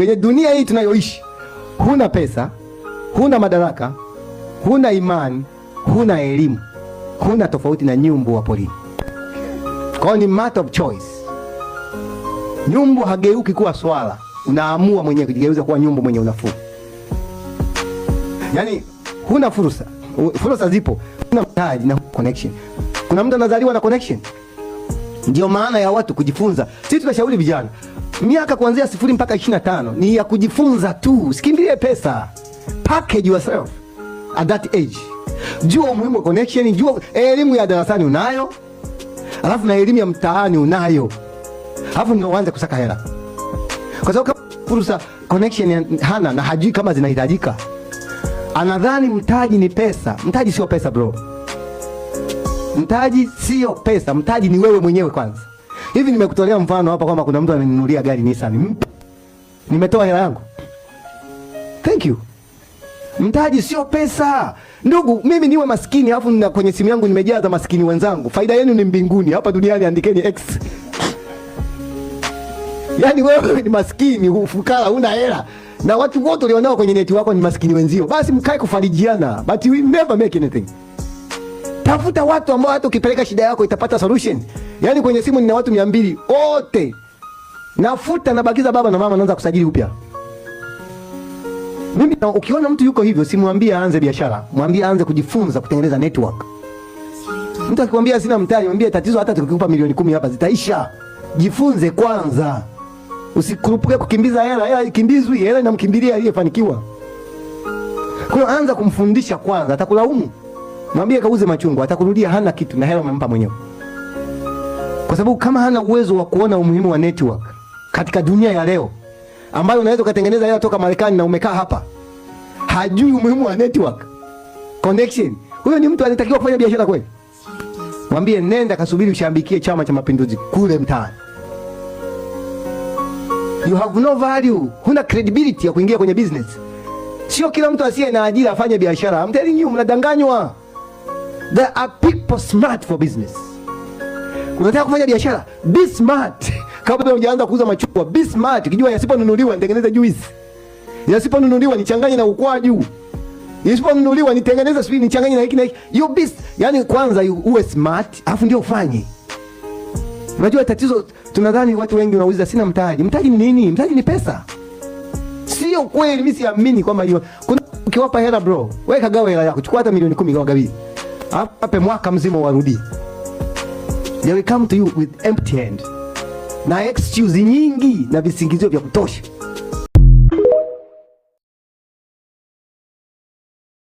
kwenye dunia hii tunayoishi, huna pesa, huna madaraka, huna imani, huna elimu, huna tofauti na nyumbu wa porini. Kwa ni matter of choice. Nyumbu hageuki kuwa swala, unaamua mwenyewe kujigeuza kuwa nyumbu mwenye unafuu. Yaani huna fursa, fursa zipo, huna mtaji na connection. Kuna mtu anazaliwa na connection. Ndio maana ya watu kujifunza. Sisi tunashauri vijana, miaka kuanzia sifuri mpaka tano ni ya kujifunza tu, sikimbilie pesa. Package yourself at that age. Jua umuhimu wa connection, jua elimu ya darasani unayo, alafu na elimu ya mtaani unayo, alafu ndio uanze kusaka hela, kwa sababu kama fursa connection hana na hajui kama zinahitajika, anadhani mtaji ni pesa. Mtaji sio pesa bro. Mtaji sio pesa, mtaji ni wewe mwenyewe kwanza. Hivi nimekutolea mfano hapa kwamba kuna mtu amenunulia gari Nissan. Nimetoa hela yangu. Thank you. Mtaji sio pesa. Ndugu, mimi niwe maskini alafu na kwenye simu yangu nimejaza maskini wenzangu. Faida yenu ni mbinguni. Hapa duniani andikeni X. Yaani wewe ni maskini, ufukara, huna hela. Na watu wote ulionao kwenye neti wako ni maskini wenzio. Basi mkae kufarijiana. But we never make anything. Tafuta watu ambao hata ukipeleka shida yako itapata solution. Yaani kwenye simu nina watu 200 wote. Nafuta nabakiza baba na mama naanza kusajili upya. Mimi na, ukiona mtu yuko hivyo simwambie aanze biashara, mwambie aanze kujifunza kutengeneza network. Mtu akikwambia sina mtaji, mwambie tatizo hata tukikupa milioni kumi hapa zitaisha. Jifunze kwanza. Usikurupuke kukimbiza hela, hela ikimbizwi, hela inamkimbilia aliyefanikiwa. Kwa hiyo anza kumfundisha kwanza, atakulaumu. Mwambie kauze machungwa, atakurudia hana kitu na hela umempa mwenyewe. Kwa sababu kama hana uwezo wa kuona umuhimu wa network katika dunia ya leo ambayo unaweza ukatengeneza hela toka Marekani na umekaa hapa, hajui umuhimu wa network connection, huyo ni mtu anatakiwa kufanya biashara kweli? Mwambie nenda kasubiri ushambikie Chama cha Mapinduzi kule mtaani. You have no value, huna credibility ya kuingia kwenye business. Sio kila mtu asiye na ajira afanye biashara. I'm telling you, mnadanganywa. There are people smart for business. Unataka kufanya biashara? Be smart. Kabla hujaanza kuuza machungwa, be smart. Kijua yasiponunuliwa nitengeneza juice. Yasiponunuliwa nichanganye na ukwaju. Yasiponunuliwa nitengeneza sijui nichanganye na hiki na hiki. You be, yani kwanza uwe smart, afu ndio ufanye. Unajua tatizo tunadhani watu wengi wanauliza sina mtaji. Mtaji ni nini? Mtaji ni pesa. Sio kweli, mimi siamini kwamba hiyo. kuna ukiwapa hela bro, weka kagawa hela yako, chukua hata milioni 10 gawa gabii ape mwaka mzima warudie. They will come to you with empty hand na excuse nyingi na visingizio vya kutosha.